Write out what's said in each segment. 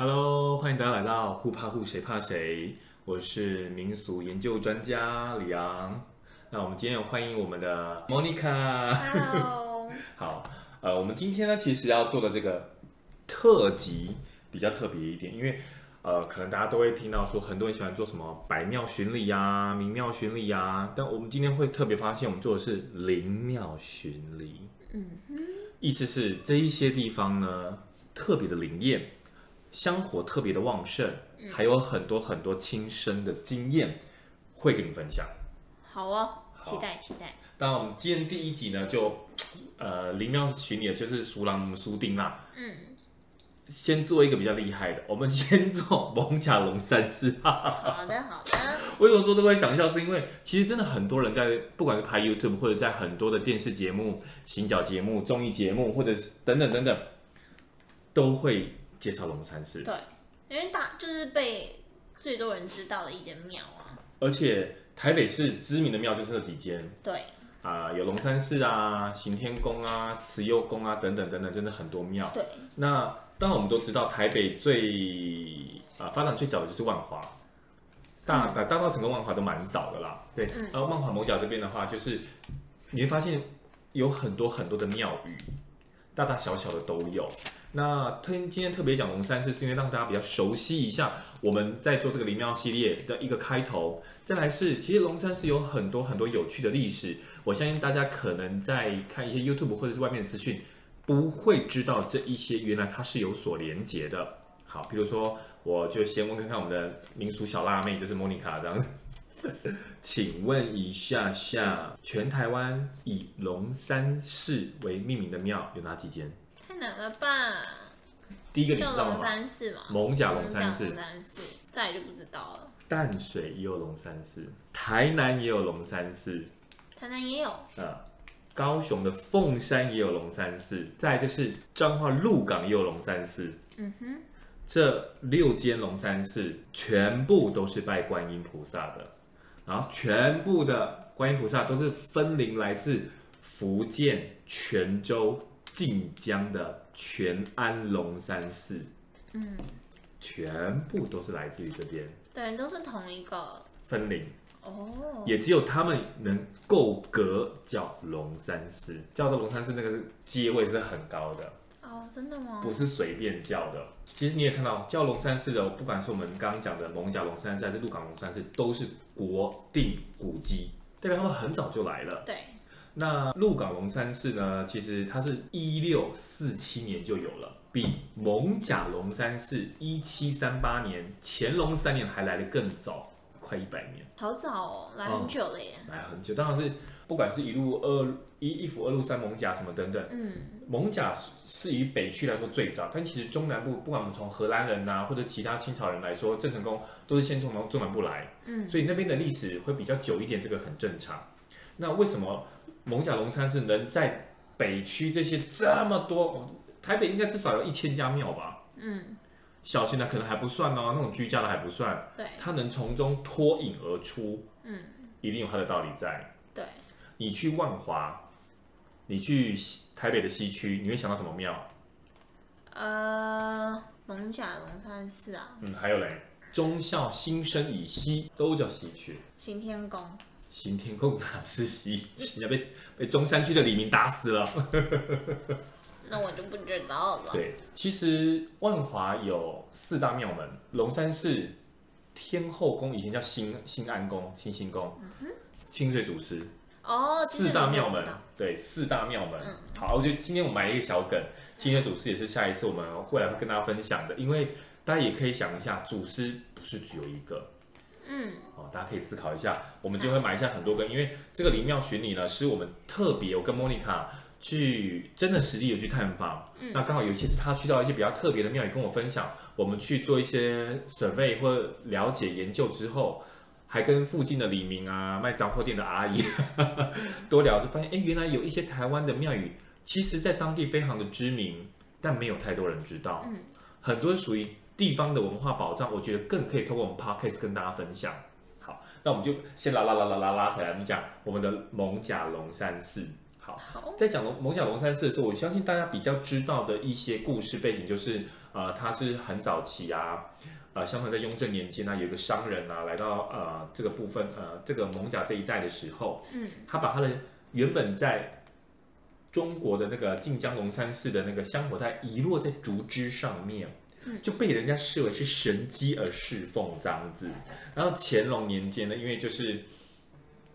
Hello，歡迎大家來到《互怕互誰怕誰》，我是民俗研究專家李昂。那我們今天要歡迎我們的 Monica。Hello。 好，呃，我們今天呢，其實要做的這個特輯比較特別一點，因為呃，可能大家都會聽到說，很多人喜歡做什麼百廟巡禮呀、啊、名廟巡禮呀、啊，但我們今天會特別發現，我們做的是靈廟巡禮。嗯、mm。Hmm. 意思是這一些地方呢，特別的靈驗。香火特別的旺盛，還有很多很多親身的經驗、嗯、會跟你分享。好哦，期待好期待。那我們今天第一集呢，就呃靈廟巡禮就是熟郎蘇丁啦嗯，先做一個比較厲害的，我們先做艋舺龍山寺。好的好的。為什麼說都會想笑？是因為其實真的很多人在不管是拍 YouTube 或者在很多的電視節目、行腳節目、綜藝節目或者是等等等等，都會。介紹龍山寺，對，因為大就是被最多人知道的一間廟啊。而且台北市知名的廟就是這幾間對啊，呃，有龍山寺啊、行天宮啊、慈祐宮啊等等等等，真的很多廟。對，那當然我們都知道台北最啊、呃、發展最早的就是萬華，大、嗯、大稻埕跟萬華都蠻早的啦，對。然後、嗯啊、萬華某角這邊的話，就是你會發現有很多很多的廟宇，大大小小的都有。那今今天特別講龍山寺，是因為讓大家比較熟悉一下我們在做這個靈廟系列的一個開頭。再來是，其實龍山寺有很多很多有趣的歷史，我相信大家可能在看一些 YouTube 或者是外面的資訊，不會知道這一些原來它是有所連接的。好，比如說，我就先問看看我們的民俗小辣妹，就是莫妮卡這樣子， 請問一下，下，下全台灣以龍山寺為命名的廟有哪幾間？哪個吧？第一個你知道嗎？龍山寺嘛，蒙甲龍山寺，再就不知道了。淡水也有龍山寺，嗯、台南也有龍山寺，台南也有。嗯、呃，高雄的鳳山也有龍山寺，再就是彰化鹿港也有龍山寺。嗯哼，這六間龍山寺全部都是拜觀音菩薩的，然後全部的觀音菩薩都是分靈來自福建泉州。晉江的全安龍山寺，嗯，全部都是來自於這邊，對，都是同一個分靈哦，也只有他們能夠格叫龍山寺，叫做龍山寺，那個是階位是很高的。哦，真的嗎？不是隨便叫的，其實你也看到叫龍山寺的，不管是我們剛剛講的艋舺龍山寺還是鹿港龍山寺，都是國定古蹟，代表他們很早就來了，對。那鹿港龍山寺呢？其實它是一六四七年就有了，比蒙甲龍山寺一七三八年乾隆三年還來的更早，快一百年，好早哦，來很久了耶，嗯、來很久。當然是不管是一路二一一府二路三蒙甲什麼等等，嗯，蒙甲是以北區來說最早，但其實中南部不管我們從荷蘭人吶、啊、或者其他清朝人來說，鄭成功都是先從中中南部來，嗯，所以那邊的歷史會比較久一點，這個很正常。那為什麼？艋舺龍山寺能在北區，這些這麼多，台北應該至少有一千家廟吧？嗯，小型的可能還不算哦，那種居家的還不算。對，它能從中脫穎而出，嗯，一定有它的道理在。對，你去萬華，你去台北的西區，你會想到什麼廟？呃，艋舺龍山寺啊，嗯，還有嘞，忠孝新生以西都叫西區，行天宮。刑天共他實習，現被被中山區的李明打死了。 那我就不知道了。對，其實萬華有四大廟門，龍山寺、天後宮，以前叫新新安宮、新新宮。嗯哼清水祖師。哦，四大廟門。對，四大廟門。嗯、好，我覺得今天我們埋一個小梗，清水祖師也是下一次我們未來會跟大家分享的，因為大家也可以想一下，祖師不是只有一個。嗯、哦，大家可以思考一下，我們就會買一下很多個，好因為這個靈廟巡禮呢，是我們特別，我跟莫妮卡去真的實地有去探訪。嗯、那剛好，尤其是他去到一些比較特別的廟宇，跟我分享，我們去做一些 survey 或了解研究之後，還跟附近的里民啊，賣雜貨店的阿姨呵呵、嗯、多聊，就發現，哎、欸，原來有一些台灣的廟宇，其實在當地非常的知名，但沒有太多人知道，嗯、很多屬於。地方的文化保障，我覺得更可以通過我們 podcast 跟大家分享。好，那我們就先啦啦啦啦啦拉回來，你講我們的蒙甲龍山寺。好，好在講龍蒙甲龍山寺的時候，我相信大家比較知道的一些故事背景，就是呃，他是很早期啊，呃，相傳在雍正年間呢，啊，有一個商人啊，來到呃這個部分呃這個蒙甲這一帶的時候，嗯，他把他的原本在中國的那個晉江龍山寺的那個香火袋遺落在竹枝上面。就被人家視為是神祇，而侍奉這樣子，然後乾隆年間呢，因為就是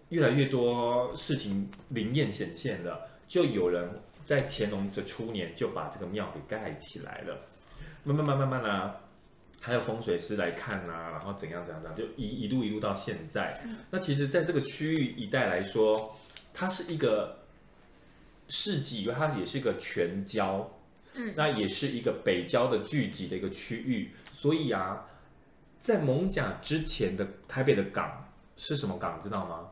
越來越多事情靈驗顯現了，就有人在乾隆的初年就把這個廟給蓋起來了，慢慢慢慢慢啊，還有風水師來看啊，然後怎樣怎樣怎樣，就一一路一路到現在。那其實，在這個區域一帶來說，它是一個市集，因為它也是一個全郊。嗯，那也是一個北郊的聚集的一個區域，所以啊，在蒙甲之前的台北的港是什麼港？知道嗎？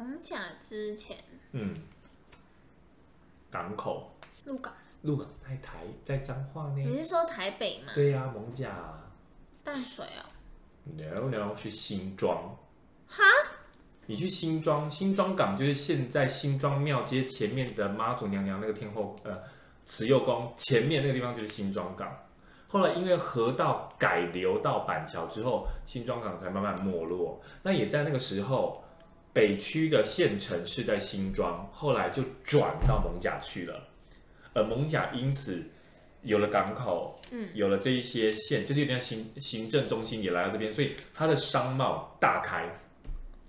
蒙甲之前，嗯，港口，鹿港、鹿港在台在彰化那邊。你是說台北嗎？對呀、啊，蒙甲淡水啊、哦。聊聊是新莊，哈，你去新莊，新莊港就是現在新莊廟街前面的媽祖娘娘那個天後，呃。慈幼宮前面那個地方就是新莊港，後來因為河道改流到板橋之後，新莊港才慢慢沒落。那也在那個時候，北區的縣城是在新莊，後來就轉到艋舺去了。而、呃、艋舺因此有了港口，嗯，有了這一些縣，就是、有點像行行政中心也來到這邊，所以它的商貿大開，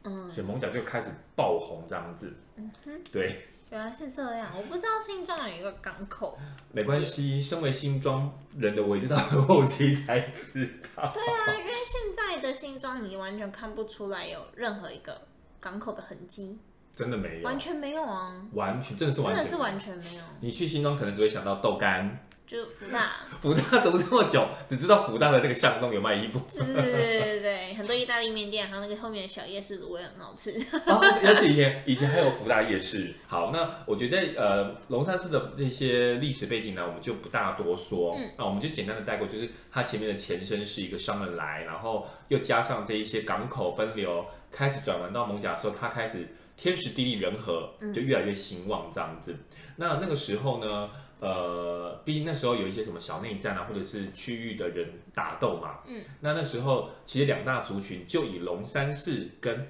嗯，所以艋舺就開始爆紅這樣子，嗯哼，對。原來是這樣，我不知道新莊有一個港口。沒關係，身為新莊人的我，一直到後期才知道。對啊，因為現在的新莊，你完全看不出來有任何一個港口的痕跡，真的沒有，完全沒有啊，完全，真的是完全沒有。沒有你去新莊，可能就會想到豆干。就福大，福大讀這麼久，只知道福大的這個巷弄有賣衣服。是對對對，對 很多意大利麵店，還有那個後面的小夜市滷味很好吃。啊、 哦，而且以前以前還有福大夜市。好，那我覺得呃，龍山寺的這些歷史背景呢，我們就不大多說。嗯，啊，我們就簡單的帶過，就是它前面的前身是一個商人來，然後又加上這一些港口奔流，開始轉彎到艋舺的時候，它開始天時地利人和，就越來越興旺這樣子。那、嗯、那個時候呢？呃，畢竟那時候有一些什麼小內戰啊，或者是區域的人打鬥嘛。嗯，那那時候其實兩大族群就以龍山寺跟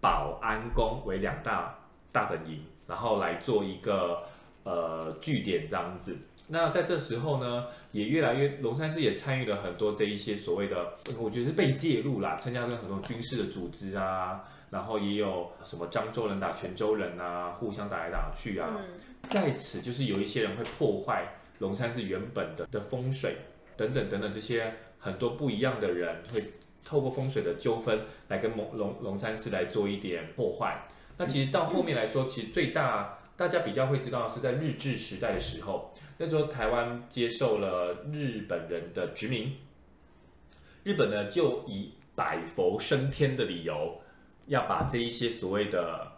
保安宮為兩大大本營，然後來做一個呃據點這樣子。那在這時候呢，也越來越龍山寺也參與了很多這一些所謂的、嗯，我覺得是被介入啦，參加了很多軍事的組織啊，然後也有什麼漳州人打、啊、泉州人啊，互相打來打去啊。嗯在此，就是有一些人會破壞龍山寺原本的的風水等等等等，這些很多不一樣的人會透過風水的糾紛來跟龍龍龍山寺來做一點破壞。那其實到後面來說，其實最大大家比較會知道是在日治時代的時候，那時候台灣接受了日本人的殖民，日本呢就以百佛升天的理由，要把這一些所謂的。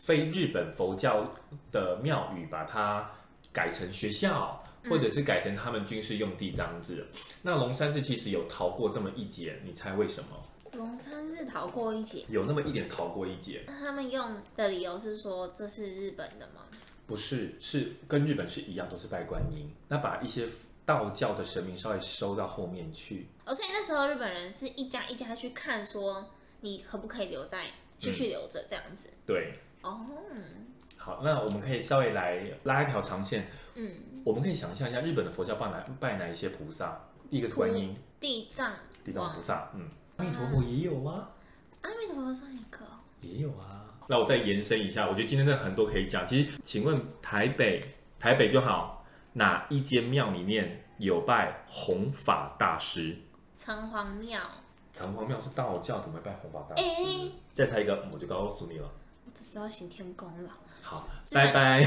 非日本佛教的廟宇，把它改成學校，或者是改成他們軍事用地這樣子。嗯、那龍山寺其實有逃過這麼一劫，你猜為什麼？龍山寺逃過一劫，有那麼一點逃過一劫，嗯。那他們用的理由是說這是日本的嗎？不是，是跟日本是一樣，都是拜觀音。那把一些道教的神明稍微收到後面去。哦，所以那時候日本人是一家一家去看，說你可不可以留在，嗯、繼續留着這樣子？對。哦，oh, um, 好，那我們可以稍微來拉一條長線。嗯，我們可以想象一下日本的佛教拜哪拜哪一些菩薩？第一個是觀音，地藏，地藏菩薩，嗯，啊、阿彌陀佛也有嗎、啊？阿彌陀佛上一個，也有啊。那我再延伸一下，我覺得今天這很多可以講。其實，請問台北台北就好，哪一間廟裡面有拜弘法大師？城隍廟。城隍廟是道教，怎麼拜弘法大師？欸、再猜一個，我就告訴你了。這是要行天宮了，好，直拜拜、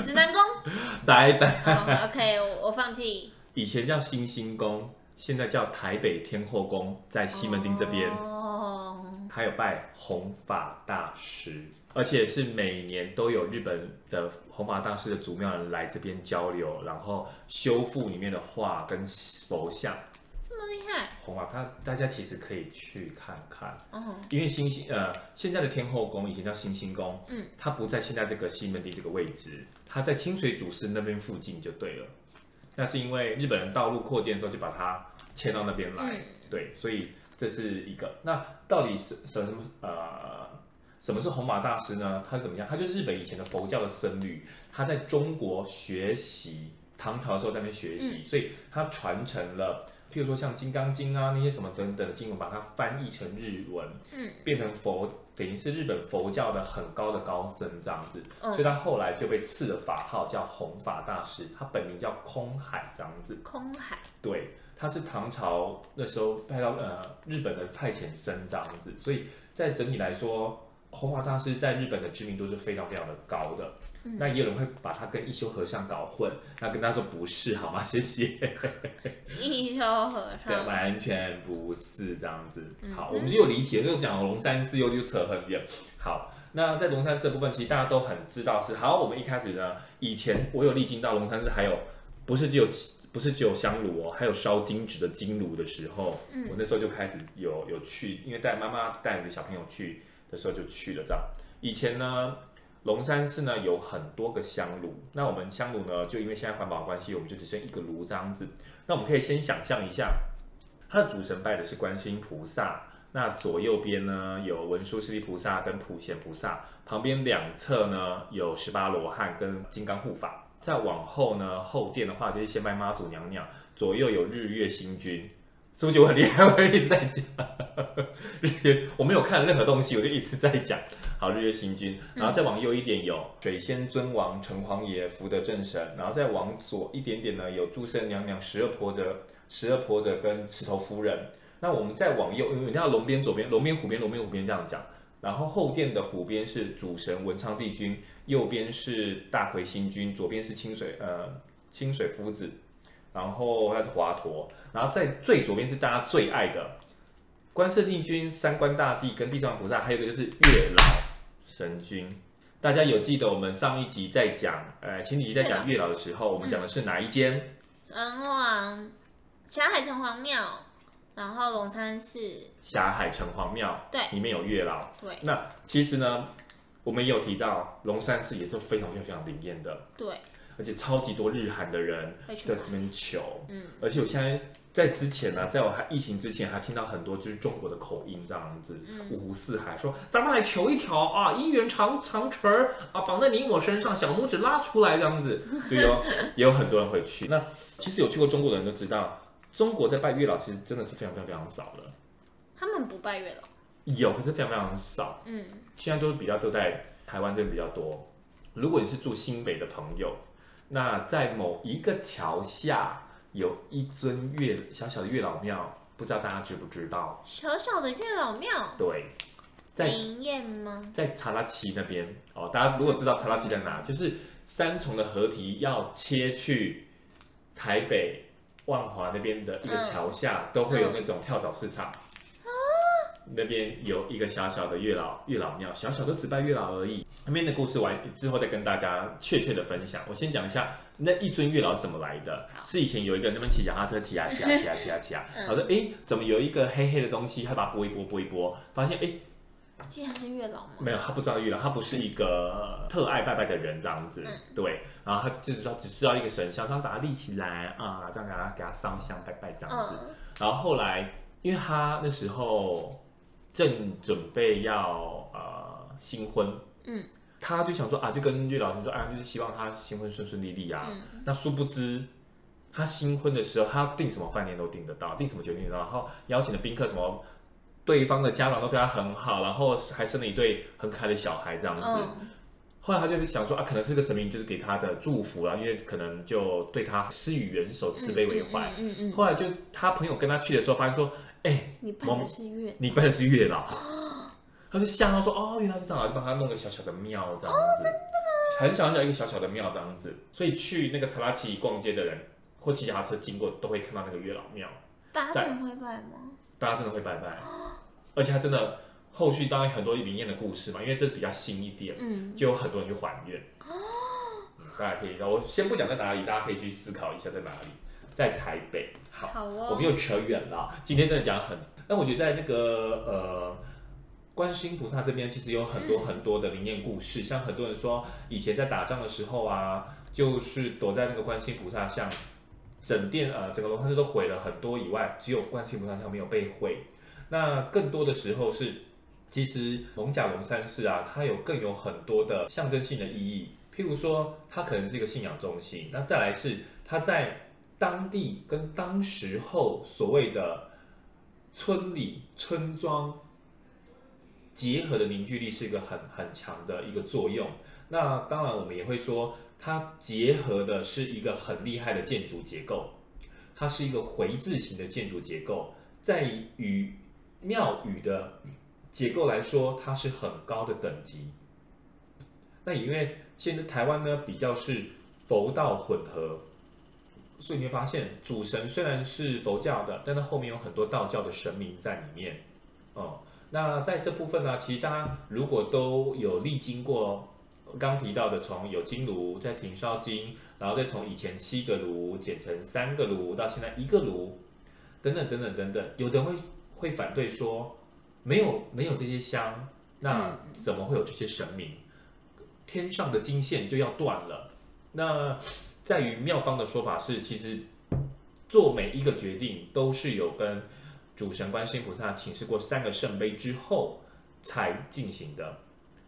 指南宮 拜拜。Oh, OK，我我放棄。以前叫星星宮，現在叫台北天後宮，在西門町這邊哦。Oh. 還有拜弘法大師，而且是每年都有日本的弘法大師的祖廟人來這邊交流，然後修復裡面的畫跟佛像。厲害！紅馬他大家其實可以去看看，因為新興，呃，現在的天後宮以前叫新興宮。嗯，它不在現在這個西門町這個位置，它在清水祖師那邊附近就對了。那是因為日本人道路擴建的時候就把它遷到那邊來，嗯、對，所以這是一個。那到底是什麼呃，什麼是弘馬大師呢？他怎麼樣？他就是日本以前的佛教的僧侶，他在中國學習唐朝的時候在那邊學習，嗯、所以他傳承了。比如說像《金剛經》啊那些什麼等等經文，把它翻譯成日文，嗯，變成佛等於是日本佛教的很高的高僧這樣子，嗯、所以他後來就被賜了法號叫弘法大師，他本名叫空海這樣子。空海。對，他是唐朝那時候派到呃日本的派遣僧這樣子，所以在整體來說。弘法大師在日本的知名度是非常非常的高的，嗯、那也有人會把他跟一休和尚搞混，那跟他說不是好嗎？謝謝。 一休和尚對，完全不是這樣子。好，嗯、哼我們又離題了龍山寺，又講龍山寺又又扯很遠。好，那在龍山寺的部分，其實大家都很知道是好。我們一開始呢，以前我有歷經到龍山寺，還有不是只有不是只有香爐哦，還有燒金紙的金爐的時候，嗯、我那時候就開始有有去，因為帶媽媽帶着小朋友去。的時候就去了。這樣，以前呢，龍山寺呢，有很多個香爐。那我們香爐呢，就因為現在環保關係，我們就只剩一個爐這樣子。那我們可以先想象一下，它的主神拜的是觀世音菩薩。那左右邊呢，有文殊師利菩薩跟普賢菩薩，旁邊兩側呢，有十八羅漢跟金剛護法。再往後呢，後殿的話就是先拜媽祖娘娘，左右有日月星君。是不是我很厲害？我一直在講，哈 月我沒有看任何東西，我就一直在講。好，日月星君。然後再往右一點有、嗯、水仙尊王、城隍爺、福德正神，然後再往左一點點呢有註生娘娘、十二婆姐、十二婆姐跟池頭夫人。那我們再往右，因為人龍邊左邊，龍邊虎邊，龍邊虎邊這樣講。然後後殿的虎邊是主神文昌帝君，右邊是大魁星君，左邊是清水，呃，清水夫子。然後它是華佗，然後在最左邊是大家最愛的關聖帝君、三官大帝跟地藏菩薩，還有一個就是月老神君。大家有記得我們上一集在講，呃，前幾集在講月老的時候，對我們講的是哪一間？城隍霞海城隍廟，然後龍山寺。霞海城隍廟對，裡面有月老。對，那其實呢，我們也有提到龍山寺也是非常非常非常靈驗的。對。而且超級多日韓的人會去在這邊求，嗯，而且我現在在之前呢、啊，在我還疫情之前，還聽到很多就是中國的口音這樣子，嗯、五湖四海說咱們來求一條啊姻緣長長繩兒啊綁在你我身上，小拇指拉出來這樣子，對哦，有 也有很多人會去。那其實有去過中國的人都知道，中國在拜月老其實真的是非常非常非常少的，他們不拜月老，有可是非常非常少，嗯，現在都是比較都在台灣這邊比較多。如果你是住新北的朋友。那在某一個橋下有一尊月小小的月老廟，不知道大家知不知道？小小的月老廟，對，在豔嗎在茶拉奇那邊哦。大家如果知道茶拉奇在哪，嗯、就是三重的河堤要切去台北萬華那邊的一個橋下，嗯、都會有那種跳蚤市場。那邊有一個小小的月老月老廟，小小的只拜月老而已。那邊的故事完之後再跟大家確切的分享。我先講一下那一尊月老是怎麼來的，好是以前有一個人他們騎腳踏車騎啊騎啊騎啊騎啊騎啊，啊啊啊 嗯、他說哎、欸，怎麼有一個黑黑的東西，把他把它撥一撥撥一撥，發現哎，竟、欸、然是月老嗎？沒有，他不知道月老，他不是一個特愛拜拜的人這樣子。嗯、對，然後他就知道只知道一個神像，然後他把它立起來啊，這樣給他給他上香拜拜這樣子。嗯、然後後來因為他那時候。正準備要呃新婚，嗯，他就想說啊，就跟月老他說，啊，就是希望他新婚順順利利啊。嗯、那殊不知，他新婚的時候，他訂什麼飯店都訂得到，訂什麼酒店都訂得到，然後邀請的賓客什麼，對方的家長都對他很好，然後還生了一對很可愛的小孩，這樣子。嗯後來他就想說啊，可能是個神明，就是給他的祝福啦，啊，因為可能就對他施予援手，慈悲為懷，嗯。嗯嗯。嗯嗯，後來就他朋友跟他去的時候，發現說，哎，欸，你拜的是月，你拜的是月老。他就嚇到說哦，原來是這樣，就幫他弄個小小的廟這樣子。哦，真的嗎？很小很小一個小小的廟這樣子，所以去那個查拉奇逛街的人或騎腳踏車經過都會看到那個月老廟。大家真的會拜嗎？大家真的會拜拜，哦，而且他真的。後續當然很多靈驗的故事嘛，因為這比較新一點，嗯，就有很多人去還願，哦，大家可以，我先不講在哪裡，大家可以去思考一下在哪裡，在台北，好，好哦、我們又扯遠了，今天真的講很，嗯、那我覺得在那個呃，觀音菩薩這邊其實有很多很多的靈驗故事，嗯、像很多人說以前在打仗的時候啊，就是躲在那個觀音菩薩像，整殿呃整個龍山寺都毀了很多以外，只有觀音菩薩像沒有被毀，那更多的時候是。其實艋舺龍山寺啊，它有更有很多的象徵性的意義，譬如說，它可能是一個信仰中心。那再來是它在當地跟當時候所謂的村里村莊結合的凝聚力是一個很很強的一個作用。那當然我們也會說，它結合的是一個很厲害的建築結構，它是一個回字形的建築結構，在於廟宇的，結構來說，它是很高的等級。那因為現在台灣呢比較是佛道混合，所以你會發現主神雖然是佛教的，但它後面有很多道教的神明在裡面。哦，那在這部分呢、啊，其實大家如果都有歷經過，剛提到的從有金爐再停燒金，然後再從以前七個爐減成三個爐，到現在一個爐，等等等等等等，有的人會會反對說。沒有，沒有這些香，那怎麼會有這些神明？天上的金線就要斷了。那在於廟方的說法是，其實做每一個決定都是有跟主神觀世音菩薩請示過三個聖杯之後才進行的。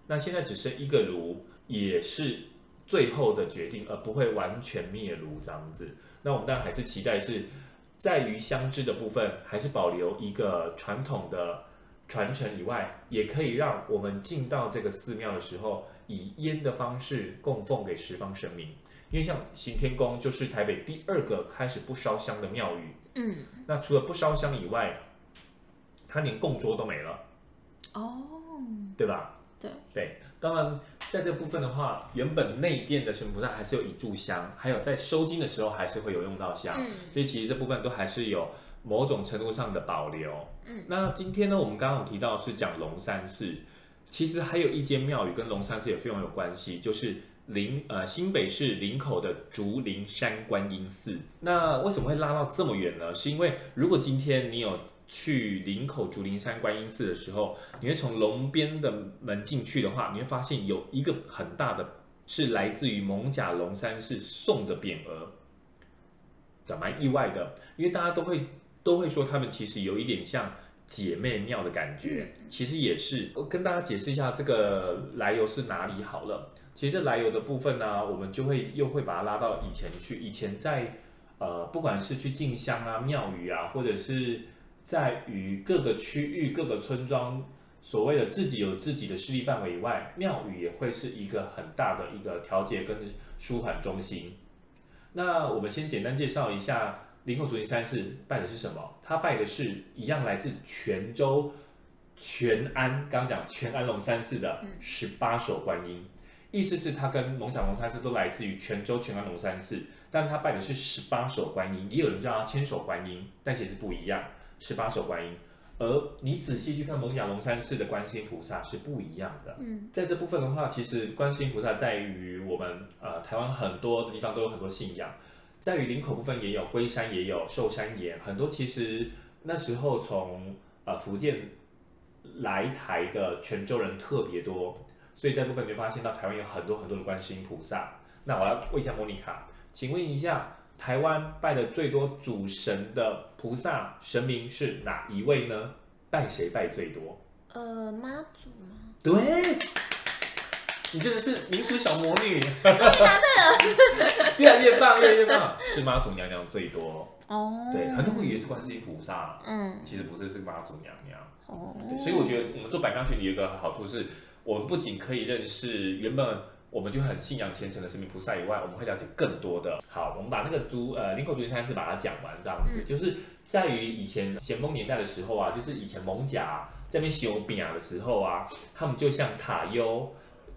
那現在只剩一個爐，也是最後的決定，而不會完全滅爐這樣子。那我們當然還是期待是在於香枝的部分，還是保留一個傳統的。傳承以外，也可以讓我們進到這個寺廟的時候，以煙的方式供奉給十方神明，因為像行天宮就是台北第二個開始不燒香的廟宇。嗯，那除了不燒香以外，它連供桌都沒了。哦，對吧？對對，當然在這部分的話，原本內殿的神菩薩還是有一炷香，還有在收驚的時候還是會有用到香。嗯，所以其實這部分都還是有。某種程度上的保留。嗯，那今天呢，我們剛剛有提到是講龍山寺，其實還有一間廟宇跟龍山寺也非常有關係，就是林，呃，新北市林口的竹林山觀音寺。那為什麼會拉到這麼遠呢？是因為如果今天你有去林口竹林山觀音寺的時候，你會從龍邊的門進去的話，你會發現有一個很大的是來自於艋舺龍山寺送的匾額，這蠻意外的，因為大家都會。都會說他們其實有一點像姐妹廟的感覺，其實也是。我跟大家解釋一下這個來由是哪裡好了。其實這來由的部分呢、啊，我們就會又會把它拉到以前去。以前在呃，不管是去進香啊、廟宇啊，或者是在於各個區域、各個村莊，所謂的自己有自己的勢力範圍以外，廟宇也會是一個很大的一個調節跟舒緩中心。那我們先簡單介紹一下。林孔主龍山寺拜的是什麼？他拜的是一樣來自泉州泉安，剛，剛講泉安龍山寺的十八手觀音，嗯、意思是他跟蒙想龍山寺都來自於泉州泉安龍山寺，但他拜的是十八手觀音，也有人叫他千手觀音，但其實不一樣，十八手觀音。而你仔細去看蒙想龍山寺的觀世音菩薩是不一樣的。嗯，在這部分的話，其實觀世音菩薩在於我們呃台灣很多的地方都有很多信仰。在於林口部分也有龜山也有壽山岩很多，其實那時候從呃福建來台的泉州人特別多，所以在部分就發現到台灣有很多很多的觀世音菩薩。那我要問一下莫妮卡，請問一下，台灣拜的最多主神的菩薩神明是哪一位呢？拜誰拜最多？呃，媽祖嗎？對。你真的是民俗小魔女，哈哈哈哈哈，越來越棒，越來越棒，是媽祖娘娘最多哦。Oh, 對，很多會以為是觀世音菩薩，嗯，其實不是，是媽祖娘娘哦、oh。對，所以我覺得我們做百廟巡禮有一個好處是，我們不僅可以認識原本我們就很信仰虔誠的神明菩薩以外，我們會了解更多的。好，我們把那個朱呃林口竹林山寺把它講完這樣子，嗯、就是在於以前咸豐年代的時候啊，就是以前蒙甲這邊修餅的時候啊，他們就像卡優。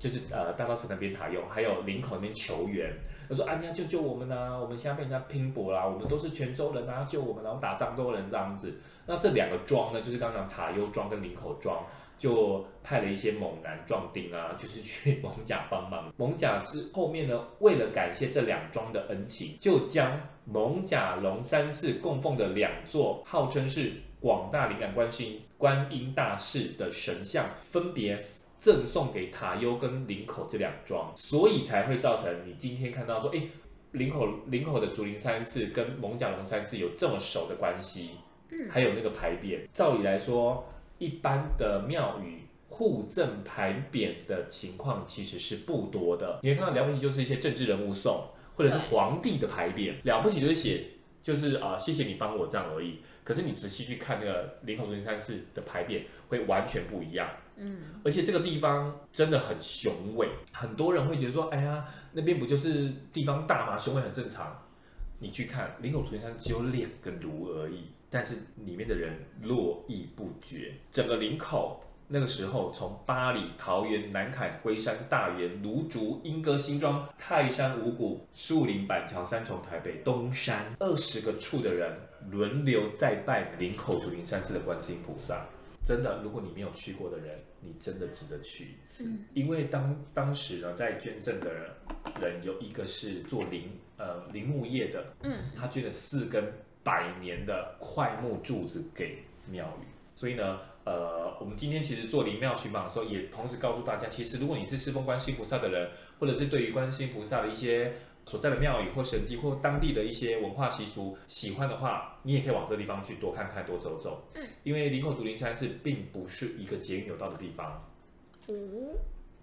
就是呃，大昭寺那邊塔悠，還有林口那邊求援。他說：“哎、啊，你要救救我們吶、啊！我們現在被人家拼搏啦、啊，我們都是泉州人啊，救我們！然後打漳州人這樣子。”那這兩個莊呢，就是剛剛講塔悠莊跟林口莊，就派了一些猛男壯丁啊，就是去艋舺幫忙。艋舺之後面呢，為了感謝這兩莊的恩情，就將艋舺龍山寺供奉的兩座號稱是廣大靈感觀音、觀音大士的神像，分別。贈送給塔悠跟林口這兩莊，所以才會造成你今天看到說，哎，林口林口的竹林山寺跟艋舺龍山寺有這麼熟的關係，嗯，還有那個牌匾，照理來說，一般的廟宇互贈牌匾的情況其實是不多的。你會看到了不起就是一些政治人物送，或者是皇帝的牌匾，哎、了不起就是寫就是啊、呃、謝謝你幫我這樣而已。可是你仔細去看那個林口竹林山寺的牌匾，會完全不一樣。嗯，而且這個地方真的很雄偉，很多人會覺得說，哎呀，那邊不就是地方大嗎？雄偉很正常。你去看林口竹林山，只有兩個爐而已，但是裡面的人絡繹不絕。整個林口那個時候，從八里、桃園、南崁、龜山、大園、蘆竹、鶯歌、新莊、泰山五股、樹林、板橋、三重、台北東山，二十個處的人輪流在拜林口竹林山寺的觀世音菩薩。真的，如果你沒有去過的人，你真的值得去一次，嗯、因為當當時呢，在捐贈的人，人有一個是做林呃林木業的，嗯，他捐了四根百年的快木柱子給廟宇，所以呢，呃，我們今天其實做林廟巡禮的時候，也同時告訴大家，其實如果你是侍奉觀世音菩薩的人，或者是對於觀世音菩薩的一些。所在的廟宇或神跡或當地的一些文化習俗，喜歡的話，你也可以往這地方去多看看、多走走。嗯，因為林口竹林山寺並不是一個捷運有到的地方，哦、嗯，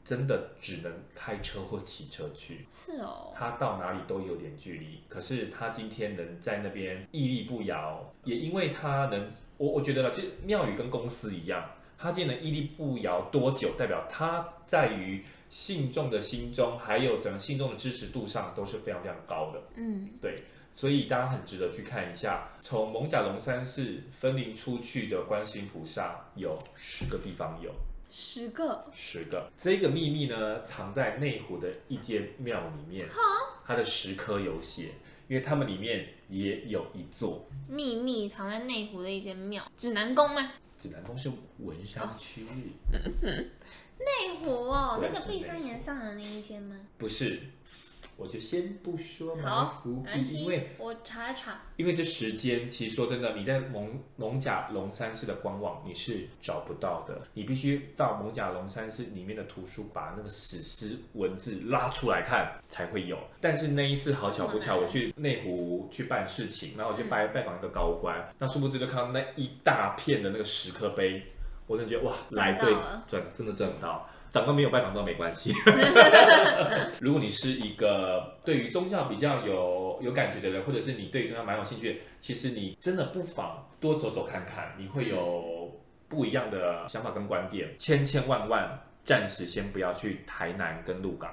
真的只能開車或騎車去。是哦，他到哪裡都有點距離，可是他今天能在那邊屹立不搖，也因為他能，我我覺得了，就廟宇跟公司一樣，他今天能屹立不搖多久，代表他在於。信眾的心中，還有整個信眾的支持度上都是非常非常高的。嗯，對，所以大家很值得去看一下。從艋舺龍山寺分靈出去的觀世音菩薩，有十個地方有，十個，十個。這個秘密呢，藏在內湖的一間廟裡面。嗯、它的石刻有寫，因為它們裡面也有一座秘密藏在內湖的一間廟，指南宮嗎、啊？指南宮是文山區域。哦嗯嗯內湖哦，對那個碧山岩上的那一間嗎？不是，我就先不說嘛。好，安心。因為我查一查，因為這時間，其實說真的，你在艋艋舺龍山寺的官網你是找不到的，你必須到艋舺龍山寺裡面的圖書館把那個史詩文字拉出來看才會有。但是那一次好巧不巧，嗯、我去內湖去辦事情，然後就拜拜訪一個高官，嗯、那殊不知就看到那一大片的那個石刻碑。我真覺得哇，來對，賺真的賺很大。長官沒有拜訪都沒關係。 如果你是一個對於宗教比較有有感覺的人，或者是你對於宗教蠻有興趣的，其實你真的不妨多走走看看，你會有不一樣的想法跟觀點。嗯、千千萬萬暫時先不要去台南跟鹿港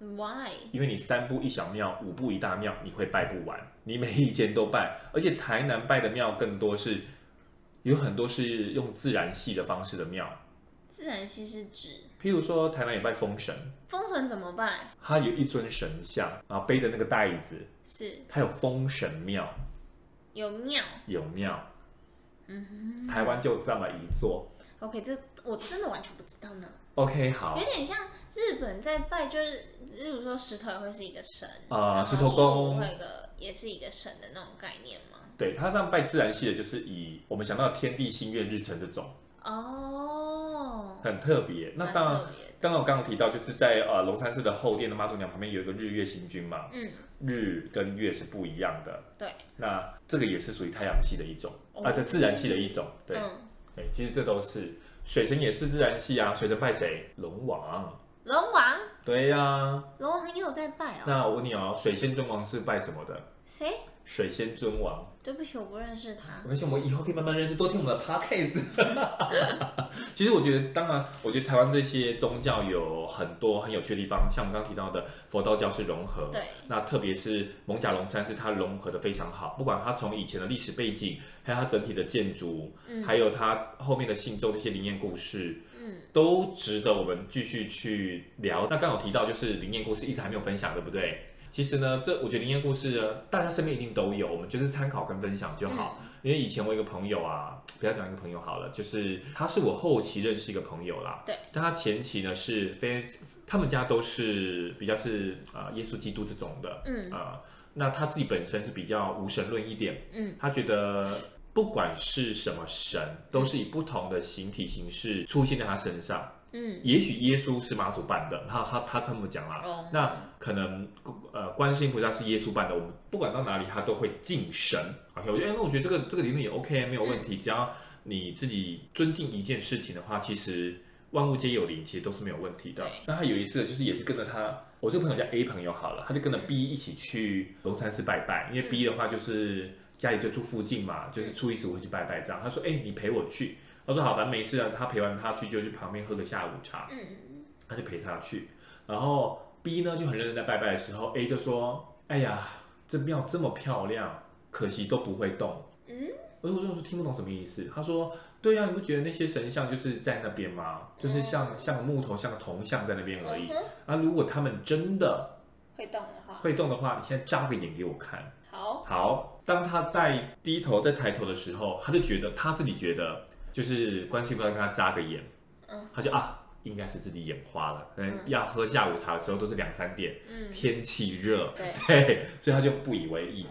，Why？因為你三步一小廟，五步一大廟，你會拜不完，你每一間都拜，而且台南拜的廟更多是。有很多是用自然系的方式的廟，自然系是指，譬如說台灣有拜風神，風神怎麼拜？它有一尊神像，然後背着那個袋子，是它有風神廟，有廟有廟，嗯，台灣就這麼一座。OK，這我真的完全不知道呢。OK，好，有點像日本在拜，就是譬如說石頭也會是一個神啊，石頭公會一個也是一個神的那種概念嗎？對他讓拜自然系的，就是以我們想到天地星月日辰這種哦，oh, 很特別。那當然，剛剛我剛剛提到，就是在呃龍山寺的後殿的媽祖廟旁邊有一個日月星君嘛，嗯，日跟月是不一樣的，對。那這個也是屬於太陽系的一種啊，這、oh, 呃、自然系的一種，對。嗯，欸、其實這都是水神也是自然系啊，水神拜誰？龍王。龍王。對呀、啊，龍王也有在拜啊、哦。那我問你哦，水仙尊王是拜什麼的？誰？水仙尊王，對不起，我不認識他。沒關係，我們以後可以慢慢認識，多聽我們的 podcast。其實我覺得，當然，我覺得台灣這些宗教，有很多很有趣的地方，像我們剛剛提到的佛道教是融合，對那特別是艋舺龍山，是它融合的非常好。不管它從以前的歷史背景，還有它整體的建築，嗯、還有它後面的信眾這些靈驗故事，嗯、都值得我們繼續去聊。那剛好提到就是靈驗故事，一直還沒有分享，對不對？其實呢，這我覺得靈驗故事呢，大家身邊一定都有，我們就是參考跟分享就好。嗯、因為以前我一個朋友啊，不要講一個朋友好了，就是他是我後期認識一個朋友啦。對。但他前期呢是非，他們家都是比較是啊、呃、耶穌基督這種的。嗯。啊、呃，那他自己本身是比較無神論一點。嗯。他覺得不管是什麼神，都是以不同的形體形式出現在他身上。嗯，也許耶穌是媽祖辦的，他他，他他這麼講啦。哦，那可能呃，觀世音菩薩是耶穌辦的，我們不管到哪裡，他都會敬神。OK? 我覺得、欸、那我覺得這個這個裡面也 OK，沒有問題。嗯、只要你自己尊敬一件事情的話，其實萬物皆有靈，其實都是沒有問題的。嗯、那他有一次就是也是跟着他，嗯、我這個朋友叫 A 朋友好了，他就跟着 B 一起去龍山寺拜拜，因為 B 的話就是家裡就住附近嘛，就是初一十五去拜拜這樣。他說，哎、欸，你陪我去。他說好，反正沒事啊。他陪完他去，就去旁邊喝個下午茶。嗯，他就陪他去。然後 B 呢就很認真在拜拜的時候，A 就說：“哎呀，這廟這麼漂亮，可惜都不會動。”嗯，我如果說我聽不懂什麼意思，他說：“對呀、啊，你不覺得那些神像就是在那邊嗎？嗯、就是像像木頭、像個銅像在那邊而已。嗯、哼啊，如果他們真的會動的話，會動的話，你先眨個眼給我看。”好，好。當他在低頭、在抬頭的時候，他就覺得他自己覺得。就是關係不大，跟他眨個眼，哦、他就啊，應該是自己眼花了，嗯、要喝下午茶的時候都是兩三點，嗯、天氣熱，對，對，所以他就不以為意。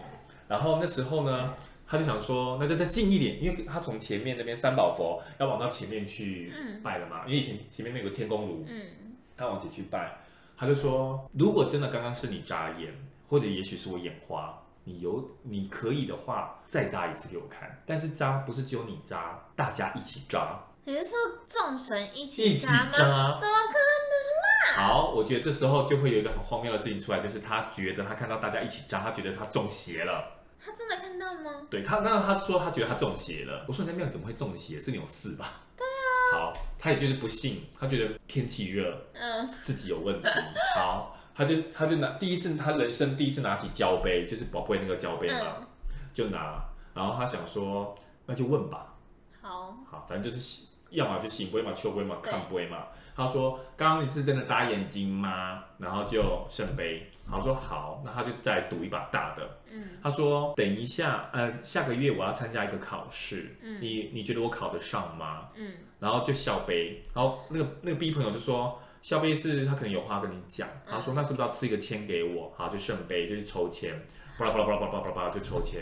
然後那時候呢，他就想說，那就再近一點，因為他從前面那邊三寶佛要往到前面去拜了嘛，嗯、因為以前前面那個天公爐，嗯、他往前去拜，他就說，如果真的剛剛是你眨眼，或者也許是我眼花。你有你可以的話，再扎一次給我看。但是扎不是只有你扎，大家一起扎。有的時候眾神一起扎，一起扎怎麼可能啦、啊！好，我覺得這時候就會有一個很荒謬的事情出來，就是他覺得他看到大家一起扎，他覺得他中邪了。他真的看到嗎？對他，那他說他覺得他中邪了。我說你那廟怎麼會中邪？是你有事吧？對啊。好，他也就是不信，他覺得天氣熱，嗯，自己有問題。好。他就他就拿第一次他人生第一次拿起筊杯，就是寶貝那個筊杯嘛，嗯、就拿，然後他想說那就問吧，好好反正就是要麼就聖杯，要嘛秋杯嘛，看杯嘛。對他說，剛剛你是真的眨眼睛嗎？然後就聖杯，嗯、然後說好，那他就再賭一把大的，嗯、他說等一下，呃，下個月我要參加一個考試，嗯，你你覺得我考得上嗎？嗯，然後就笑杯，然後那個那個 B 朋友就說。下輩子他可能有話跟你講，他說：“那是不是要賜一個簽給我？好，就聖杯，就是抽籤，巴拉巴拉巴拉巴拉巴拉巴拉就抽籤，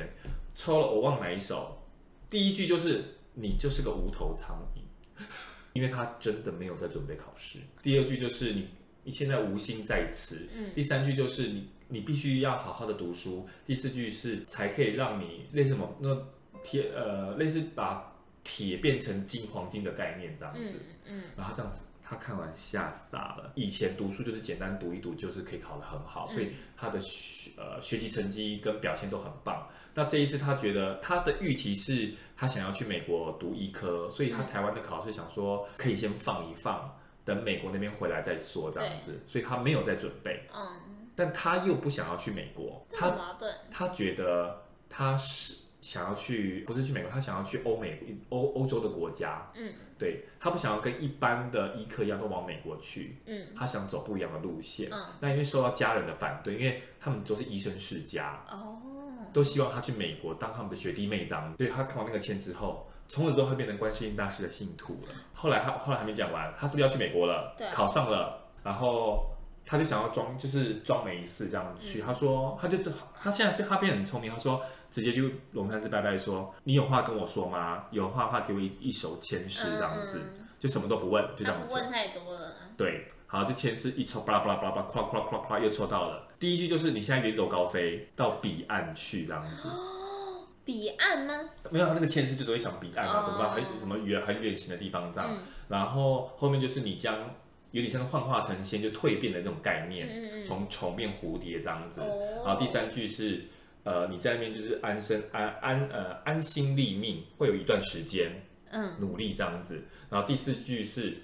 抽了我忘了哪一首，第一句就是你就是個無頭蒼蠅， 因為他真的沒有在準備考試。第二句就是你你現在無心在此。嗯。第三句就是你你必須要好好的讀書，第四句是才可以讓你類似什麼那個、鐵呃類似把鐵變成金黃金的概念這樣子，嗯，嗯然後這樣子。”他看完嚇傻了。以前讀書就是簡單讀一讀，就是可以考得很好，嗯、所以他的學呃學習成績跟表現都很棒。那這一次他覺得他的預期是他想要去美國讀醫科，所以他台灣的考試想說可以先放一放，等美國那邊回來再說這樣子，對所以他沒有在準備。嗯，但他又不想要去美國，他矛盾。他覺得他是。想要去不是去美國，他想要去歐美歐歐洲的國家。嗯，對，他不想要跟一般的醫科一樣都往美國去。嗯，他想走不一樣的路線。嗯，那因為受到家人的反對，因為他們都是醫生世家，哦，都希望他去美國當他們的學弟妹這樣。所以他看完那個籤之後，從此之後會變成觀世音大師的信徒了。後來他後來還沒講完，他是不是要去美國了？對，考上了，然後。他就想要裝，嗯、就是裝沒事這樣子去。嗯、他說，他就他現在對他變很聰明。他說，直接就龍山寺拜拜說，你有話跟我說嗎？有話話給我一一首籤詩這樣子，呃、就什麼都不問，就這樣子。問太多了。對，好，就籤詩一抽，巴拉巴拉巴拉巴拉，又抽到了。第一句就是你現在遠走高飛到彼岸去這樣子。哦，彼岸嗎？沒有，他那個籤詩就等會想彼岸嘛、啊，怎麼很什麼遠很遠行的地方這樣。嗯、然後後面就是你將。有點像幻化成仙，就蛻變的那種概念，從蟲變蝴蝶這樣子。然後第三句是，呃，你在那邊就是安身安安呃安心立命，會有一段時間，嗯，努力這樣子。然後第四句是，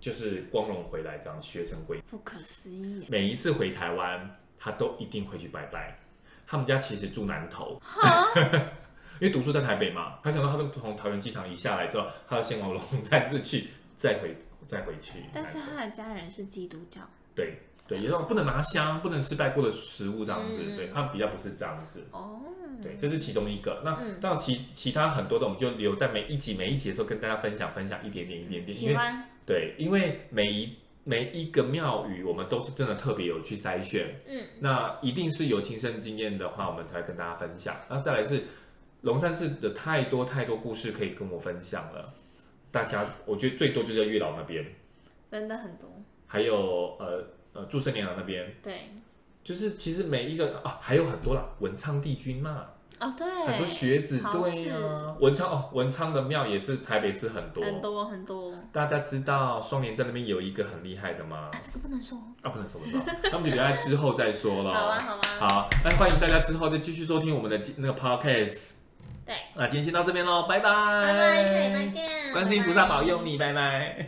就是光榮回來這樣學成歸。不可思議，每一次回台灣，他都一定會去拜拜。他們家其實住南投，啊、 因為讀書在台北嘛。他想到他從桃園機場一下來之後，他要先往龍山寺去，再回。再回去，但是他的家人是基督教，對對，有那種不能拿香，不能吃拜過的食物這樣子，嗯、對他比較不是這樣子。哦，對，這是其中一個。那到、嗯、其其他很多的，我們就留在每一集每一集的時候跟大家分享分享一點點一點點。嗯、因為喜歡對，因為每一每一個廟宇，我們都是真的特別有去篩選，嗯，那一定是有親身經驗的話，我們才會跟大家分享。那再來是龍山寺的太多太多故事可以跟我分享了。大家，我覺得最多就在月老那邊，真的很多。還有呃呃，註生娘娘那邊，對，就是其實每一個啊，還有很多啦，文昌帝君嘛，哦對，很多學子對文昌哦，文昌的廟也是台北市很多很多很多。大家知道雙連在那邊有一個很厲害的嗎？啊，這個不能說啊，不能說不能說，那我們就留在之後再說了。好啊，好啊，好，那歡迎大家之後再繼續收聽我們的那個 Podcast。對，那今天先到這邊嘍，拜拜，下禮拜見。觀音菩薩保佑你，拜拜。拜拜。